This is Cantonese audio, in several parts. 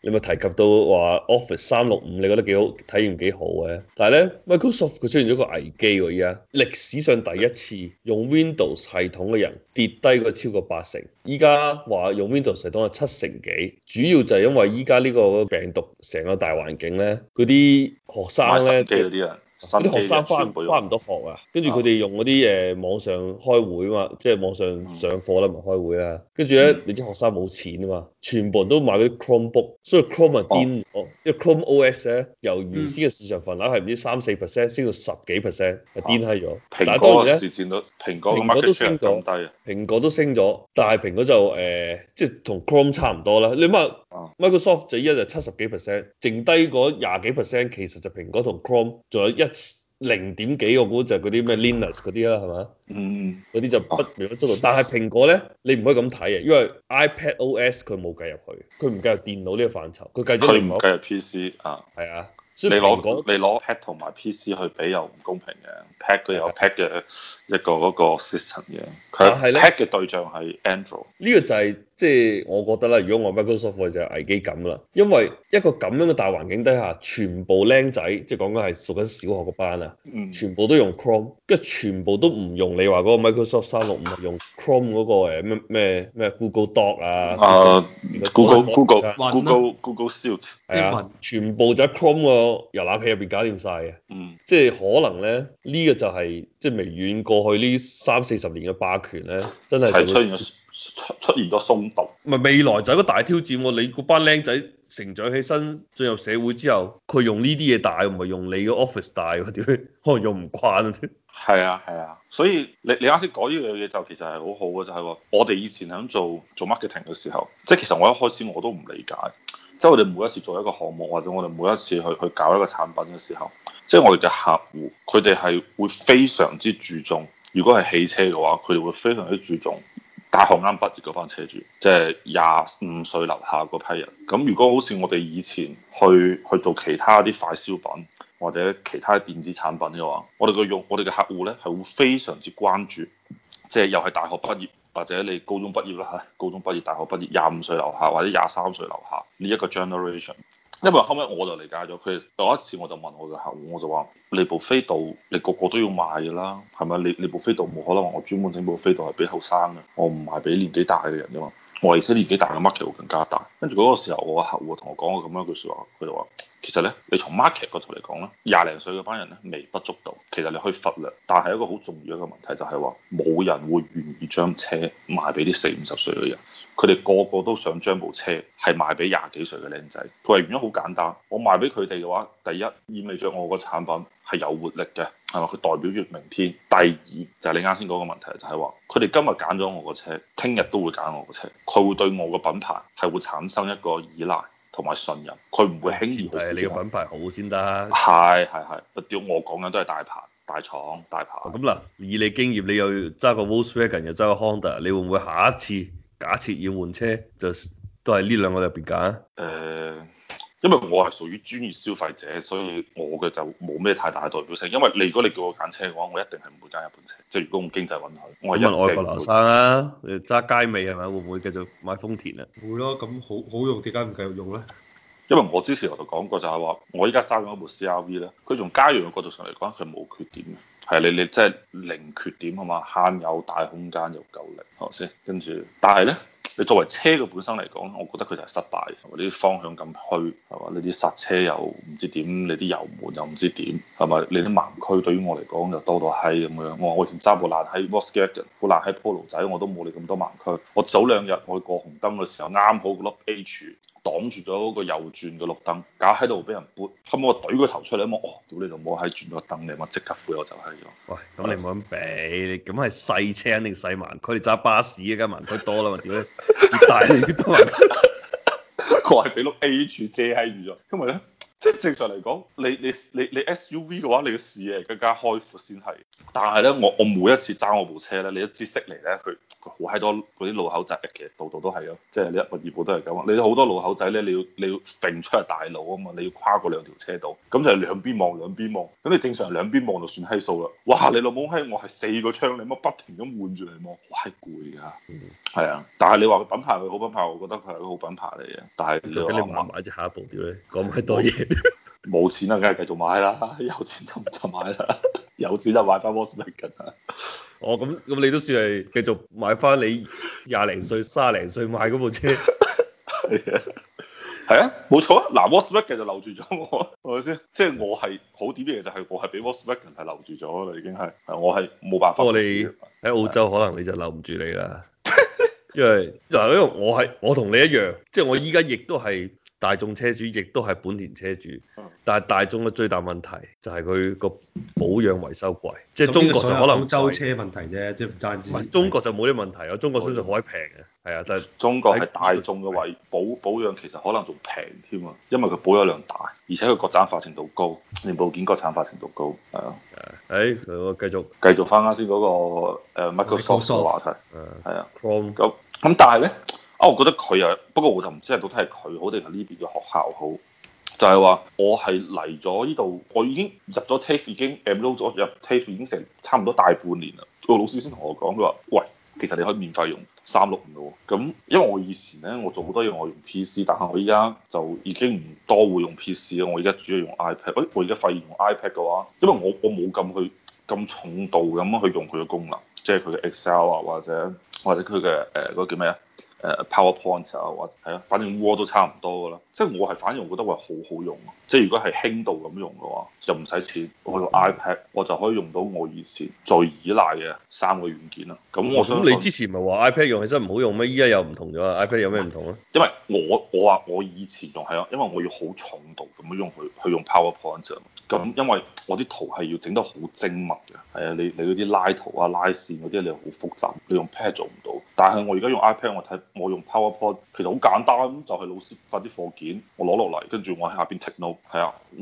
你咪提及到話 Office 三六五，你覺得幾好體驗幾好嘅？但係咧，Microsoft 佢出現咗個危機喎，依家歷史上第一次用 Windows 系統嘅人跌低過超過八成，依家話用 Windows 系統係七成幾，主要就係因為依家呢個病毒成個大環境咧，嗰啲學生咧。啲學生翻翻唔到學啊，跟住佢哋用嗰啲誒網上開會啊嘛，即、就、係、是、網上上課啦，唔係開會啦。跟住咧，嗯、你啲學生冇錢啊嘛，全部人都買嗰啲 Chromebook，所以 Chrome 咪癲咗。哦、因為 Chrome OS 咧，由原先嘅市場份額係唔知三四 percent 升到十幾 percent，係癲閪咗。蘋果嘅市佔率，蘋果都升咗，但蘋果都升咗，但係蘋果就誒、呃，即係同 Chrome 差唔多啦。你唔係？Microsoft 就依家七十幾 percent，剩低嗰廿幾 percent 其實就蘋果同 Chrome，仲有一零點幾我估就嗰啲咩 Linux 嗰啲啦，係咪？嗯，嗰啲就不明不足道，嗯。但係蘋果咧，啊，你唔可以咁睇啊，因為 iPad OS 佢冇計入去，佢唔計入電腦呢個範疇，佢計咗。佢唔計入 PC 啊？係啊，你攞你攞 Pad 同埋 PC 去比又唔公平嘅，Pad 佢有 Pad 嘅一個嗰個 system 嘅，但係 Pad 嘅對象係 Android。呢個就係、是。即係我覺得啦，如果我 Microsoft 就係危機感啦，因為一個咁樣嘅大環境底下，全部僆仔即係講緊係讀緊小學個班啊，嗯、全部都用 Chrome，跟住全部都唔用你話嗰個 Microsoft 三六五、那個，用 Chrome 嗰個咩咩咩 Google Doc 啊，Google Google Google Google Sheet 係啊，全部就喺 Chrome 個遊覽器入邊搞掂晒嘅，嗯，即係可能咧呢、呢個就係、是、即係微軟過去呢三四十年嘅霸權咧，真係出現咗出出現咗鬆動，唔係未來就係一個大挑戰喎。你嗰班僆仔成長起身進入社會之後，佢用呢啲嘢大，唔係用你嘅 office 大喎。屌，可能用唔慣嗰啲。係啊係啊，所以你你啱先講呢樣嘢就其實係好好嘅，就係話我哋以前喺度做做 marketing 嘅時候，即係其實我一開始我都唔理解，即係我哋每一次做一個項目或者我哋每一次去去搞一個產品嘅時候，即係我哋嘅客戶佢哋係會非常之注重。如果係汽車嘅話，佢哋會非常之注重。大學啱畢業嗰班車主，即係廿五歲樓下嗰批人。咁如果好似我哋以前去去做其他啲快銷品或者其他電子產品嘅話，我哋嘅用我哋嘅客戶咧係會非常之關注，即、就、係、是、又係大學畢業或者你高中畢業啦嚇，高中畢業、大學畢業、廿五歲樓下或者廿三歲樓下呢一、這個 generation。因為後尾我就理解咗佢，有一次我就問我嘅客戶，我就話：你部飛度你個個都要買噶啦，係咪？你你部飛度冇可能話我專門整部飛度係俾後生嘅，我唔係俾年紀大嘅人啫嘛。我而且年紀大嘅 market 會更加大。跟住嗰個時候，我個客戶同我講過咁樣一句説話，佢就話。其實咧，你從 market 角度嚟講咧，廿零歲嗰班人咧微不足道。其實你可以忽略，但係一個好重要一個問題就係話，冇人會願意將車賣俾啲四五十歲嘅人。佢哋個個都想將部車係賣俾廿幾歲嘅靚仔。佢嘅原因好簡單，我賣俾佢哋嘅話，第一意味著我個產品係有活力嘅，係嘛？佢代表住明天。第二就係你啱先講嘅問題就，就係話，佢哋今日揀咗我個車，聽日都會揀我個車。佢會對我個品牌係會產生一個依賴。同埋信任，佢唔會輕易。誒，你嘅品牌好先得。係，係， 係。我屌，我講緊都係大牌、大廠，大牌。咁啦、嗯，以你經驗，你又揸個 Volkswagen 又揸個 Honda，你會唔會下一次假設要換車？就都係呢兩個入邊揀。誒、呃。因為我係屬於專業消費者，所以我嘅就冇咩太大代表性。因為你如果你叫我揀車嘅話，我一定係唔會揸日本車。即係如果我經濟允許，我一一問外國劉生啊，你揸街尾係咪會唔會繼續買豐田啊？會咯，咁好好用，點解唔繼續用咧？因為我之前我就講過就係話，我依家揸緊一部 CRV 咧，佢從家用嘅角度上嚟講，佢冇缺點嘅，係你你即係零缺點啊嘛，慳有大空間又夠力，學、哦、先跟住，但係咧。你作為車嘅本身嚟講，我覺得佢就係失敗，或者啲方向咁虛，係嘛？你啲煞車又唔知點，你啲油門又唔知點，係咪？你啲盲區對於我嚟講就多到閪咁樣。我我以前揸部爛喺 w o l s g a t e 好爛喺 Polo 仔我都冇你咁多盲區。我早兩日我去過紅燈嘅時候，啱好嗰 H。擋住咗個右轉嘅綠燈，假喺度俾人撥，後我懟佢頭出嚟，一望哦，屌你老母，好喺轉咗燈你。」我即刻飛我就喺咗。喂，咁你唔好咁弊，你咁係細車定細盲，佢哋揸巴士啊，加埋盲區多啦嘛，點咧？ 大都係我係俾碌 A 柱遮喺住咗，因為咧。即係正常嚟講，你你你，你 SUV 嘅話，你嘅視野更加開闊先係。但係咧，我我每一次揸我部車咧，你一知息嚟咧，佢好閪多嗰啲路口仔，其實度度都係咯。即係你一個二部都係咁。你好多路口仔咧，你要你要揈出嚟大路啊嘛，你要跨過兩條車道，咁就係兩邊望兩邊望。咁你正常兩邊望就算閪數啦。哇！你老母閪，我係四個窗，你乜不停咁換住嚟望，好閪攰㗎。嗯。係啊，但係你話品牌佢好品牌，我覺得佢係個好品牌嚟嘅。但係你買唔買隻下一步屌咧？講閪多嘢。 冇 錢啦，梗係繼續買啦。有錢就唔就買啦。有錢就買翻 Volkswagen 啊。哦，咁咁你都算係繼續買翻你廿零歲、卅零歲買嗰部車。係 的啊。係啊，冇錯啊。嗱 Volkswagen 就留住咗我，係 先？即、就、係、是、我係好點嘅嘢，就係我係俾 Volkswagen 係留住咗啦，已經係。我係冇辦法。不過你喺澳洲可能你就留唔住你啦。 因為嗱，因為我係我同你一樣，即、就、係、是、我依家亦都係。大眾車主亦都係本田車主，但係大眾嘅最大問題就係佢個保養維修貴，即係中國就可能周車問題啫，即係唔差錢。唔係中國就冇啲問題啊，中國相信可以平嘅，係啊，但係中國係大眾嘅維保保養其實可能仲平添啊，因為佢保養量大，而且佢國產化程度高，零部件國產化程度高，係啊，誒，繼、哎、續繼續翻啱先嗰個誒 Microsoft 嘅話題，係啊 Microsoft，咁咁 Chrome 但係咧？啊！我覺得佢啊，不過我就唔知係到底係佢好定係呢邊嘅學校好，就係話我係嚟咗呢度，我已經入咗 TAFE，已經 enrol 咗入，入 TAFE，已經成差唔多大半年啦。個老師先同我講，佢話：喂，其實你可以免費用三六五咯。咁因為我以前咧，我做好多嘢我用 P C，但係我依家就已經唔多會用 P C 啦。我而家主要用 iPad。我而家發現用 iPad 嘅話，因為我我冇咁去咁重度咁去用佢嘅功能，即係佢嘅 Excel 啊，或者或者佢嘅誒嗰個叫咩啊？誒 PowerPoint 啊，或係咯，反正 Word 都差唔多㗎啦。即係我係反而我覺得話好好用，即係如果係輕度咁用嘅話，就唔使錢。我用 iPad，我就可以用到我以前最依賴嘅三個軟件啦。咁我想、哦哦、你之前咪係話 iPad 用起身唔好用咩？依家又唔同咗啊。iPad 有咩唔同啊？因為我我話我以前用係啊，因為我要好重度咁樣用去去用 PowerPoint。咁因為我啲圖係要整得好精密嘅，係啊，你你嗰啲拉圖啊、拉線嗰啲，你好複雜，你用 Pad 做唔到。但係我而家用 iPad，我睇。我用 PowerPoint 其實好簡單，就係、是、老師發啲課件，我攞落嚟，跟住我喺下邊 take note，係啊，咁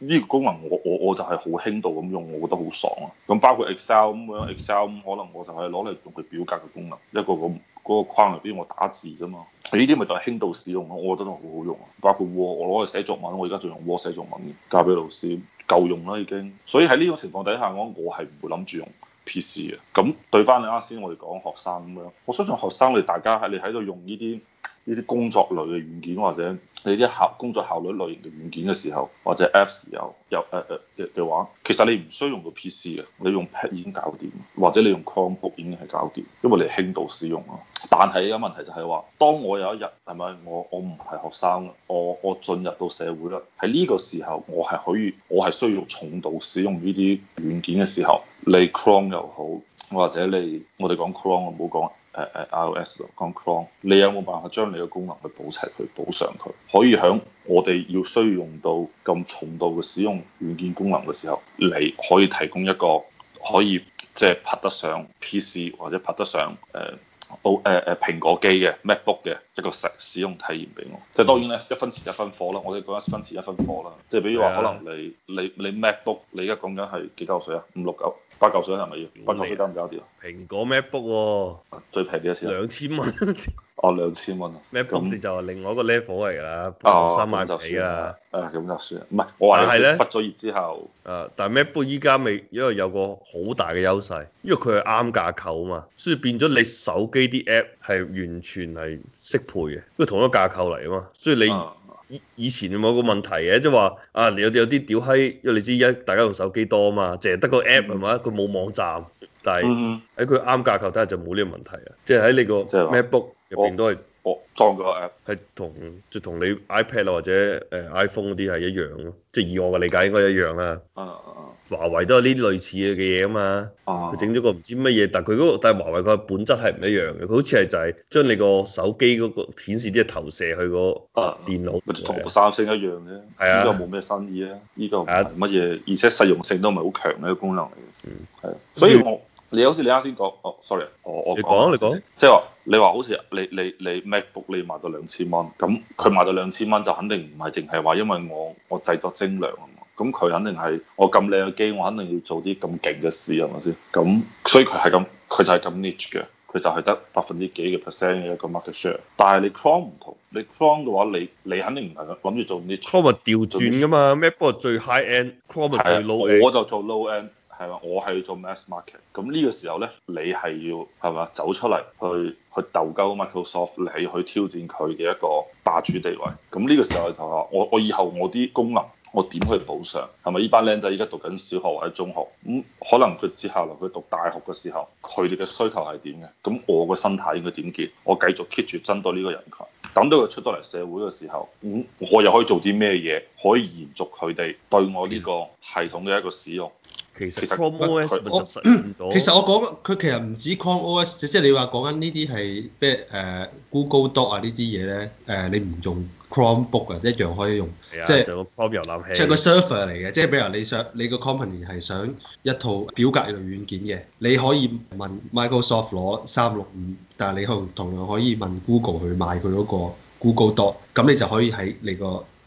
呢、這個功能我我我就係好輕度咁用，我覺得好爽啊。咁包括 Excel, Excel 咁樣，Excel 咁可能我就係攞嚟用佢表格嘅功能，一個咁嗰、那個框入邊我打字啫嘛。呢啲咪就係輕度使用咯，我覺得都好好用。啊。包括 Word，我攞嚟寫作文，我而家仲用 Word 寫作文，交俾老師夠用啦已經。所以喺呢種情況底下，我我係唔會諗住用。P.C. 嘅，咁對翻你啱先，我哋講學生咁樣。我相信學生，你大家喺你喺度用呢啲。呢啲工作類嘅軟件，或者你啲效工作效率類，類型嘅軟件嘅時候，或者 Apps 有有誒誒嘅嘅話，其實你唔需要用到 PC 嘅，你用 Pad 已經搞掂，或者你用 Chromebook 已經係搞掂，因為你輕度使用啊。但係而家問題就係話，當我有一日係咪我我唔係學生，我我進入到社會啦，喺呢個時候我係可以，我係需要重度使用呢啲軟件嘅時候，你 Chrome 又好，或者你我哋講 Chrome 我唔好講誒誒 OS 同 Chrome，你有冇辦法將你嘅功能去補齊去補上佢？可以喺我哋要需要用到咁重度嘅使用軟件功能嘅時候，你可以提供一個可以即係拍得上 PC 或者拍得上誒 O 誒誒蘋果機嘅 MacBook 嘅一個使使用體驗俾我。即係當然咧，一分錢一分貨啦。我哋講一分錢一分貨啦。即係比如話，可能你 Yeah. 你你 MacBook，你而家講緊係幾多水啊？五六九。八嚿水係咪要？八嚿塊水交唔交掉？蘋果 MacBook 喎，Mac 哦、最平幾多錢啊？兩千蚊，哦兩千蚊啊！MacBook、嗯、就係另外一個 level 嚟㗎啦，三萬、啊、就起啦，啊咁就算啦。唔係，但係咧畢咗業之後，啊但係 MacBook 依家未，因為有個好大嘅優勢，因為佢係啱架構啊嘛，所以變咗你手機啲 app 係完全係適配嘅，因為同一個架構嚟啊嘛，所以你、嗯。以前冇個問題嘅，即係話啊你有有啲屌閪，因為你知而家大家用手機多啊嘛，淨係得個 app 係嘛、嗯，佢冇網站，但係喺佢啱架構底下就冇呢個問題啊，即係喺你個 macbook 入邊、嗯嗯、都係。裝個 app 係同即係同你 iPad 或者誒 iPhone 嗰啲係一樣咯，即係以我嘅理解應該一樣啦。啊啊，華為都係呢啲類似嘅嘢啊嘛。哦，佢整咗個唔知乜嘢，但係佢嗰個但係華為個本質係唔一樣嘅。佢好似係就係將你個手機嗰個顯示啲嘢投射去個電腦，同三星一樣嘅。係啊，依個冇咩新意，呢個，啊，呢依個乜嘢，而且實用性都唔係好強嘅一個功能嚟嘅。嗯，係，所以我。你好似你啱先講，哦，sorry，我我你講你講，即係話你話好似你你你 MacBook 你賣到兩千蚊，咁佢賣到兩千蚊就肯定唔係淨係話因為我我製作精良啊嘛，咁佢肯定係我咁靚嘅機，我肯定要做啲咁勁嘅事，係咪先？咁所以佢係咁，佢就係咁 niche 嘅，佢就係得百分之幾嘅 percent 嘅一個 market share。但係你 Chrome 唔同，你 Chrome 嘅話你你肯定唔係諗住做 niche。Chrome 係調轉㗎嘛最，MacBook 係最 high end，Chrome 係最 low end 的。啊、我就做 low end。係嘛？我係要做 mass market，咁呢個時候咧，你係要係嘛走出嚟去去鬥鳩 Microsoft，你要去挑戰佢嘅一個霸主地位。咁呢個時候嘅、就、同、是、我我以後我啲功能，我點去補償？係咪呢班僆仔依家讀緊小學或者中學？咁、嗯、可能佢接下來佢讀大學嘅時候，佢哋嘅需求係點嘅？咁我個心態應該點結？我繼續 keep 住針對呢個人群，等到佢出到嚟社會嘅時候，咁我又可以做啲咩嘢？可以延續佢哋對我呢個系統嘅一個使用。其實 Chrome OS 我，實其實我其實我講佢其實唔止 Chrome OS，即係你話講緊呢啲係咩誒 Google Doc 啊呢啲嘢咧誒你唔用 Chromebook 啊一樣可以用，的即係個瀏覽器，嗯、即係個 server 嚟嘅。即係比如你想你個 company 係想一套表格類軟件嘅，你可以問 Microsoft 攞三六五，但係你可同樣可以問 Google 去買佢嗰個 Google Doc，咁你就可以喺你個。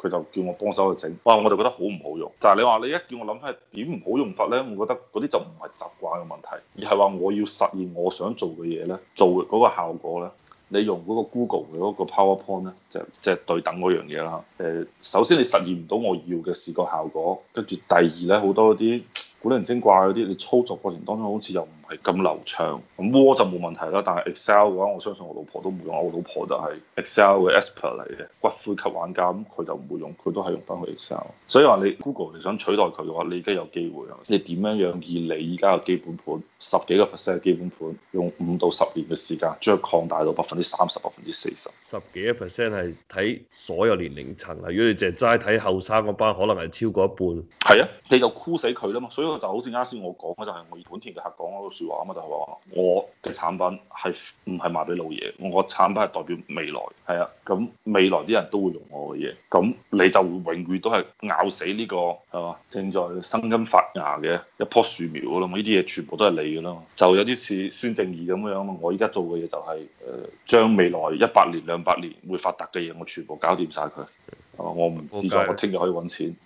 佢就叫我幫手去整，哇！我就覺得好唔好用。但係你話你一叫我諗翻係點唔好用法呢？我覺得嗰啲就唔係習慣嘅問題，而係話我要實現我想做嘅嘢呢，做嗰個效果呢，你用嗰個 Google 嘅嗰個 PowerPoint 呢，就即係對等嗰樣嘢啦。誒，首先你實現唔到我要嘅視覺效果，跟住第二呢，好多嗰啲古靈精怪嗰啲，你操作過程當中好似又唔～係咁流暢，咁 Word 就冇問題啦。但係 Excel 嘅話，我相信我老婆都唔用。我老婆就係 Excel 嘅 expert 嚟嘅，骨灰級玩家，咁佢就唔會用，佢都係用翻佢 Excel。所以話你 Google 你想取代佢嘅話，你而家有機會啊！你點樣樣以你而家嘅基本盤十幾個 percent 基本盤，用五到十年嘅時間將佢擴大到百分之三十、百分之四十。十幾個 percent 係睇所有年齡層啊！如果你淨係齋睇後生嗰班，可能係超過一半。係啊，你就箍死佢啦嘛。所以就好似啱先我講嘅就係、是、我本田嘅客講説話啊嘛，就係話我嘅產品係唔係賣俾老嘢，我產品係代表未來，係啊，咁未來啲人都會用我嘅嘢，咁你就永遠都係咬死呢個係嘛正在生根發芽嘅一棵樹苗咯，咁呢啲嘢全部都係你嘅咯，就有啲似孫正義咁樣啊嘛，我而家做嘅嘢就係誒將未來一百年兩百年會發達嘅嘢，我全部搞掂晒佢，我唔知咗，我聽日可以揾錢。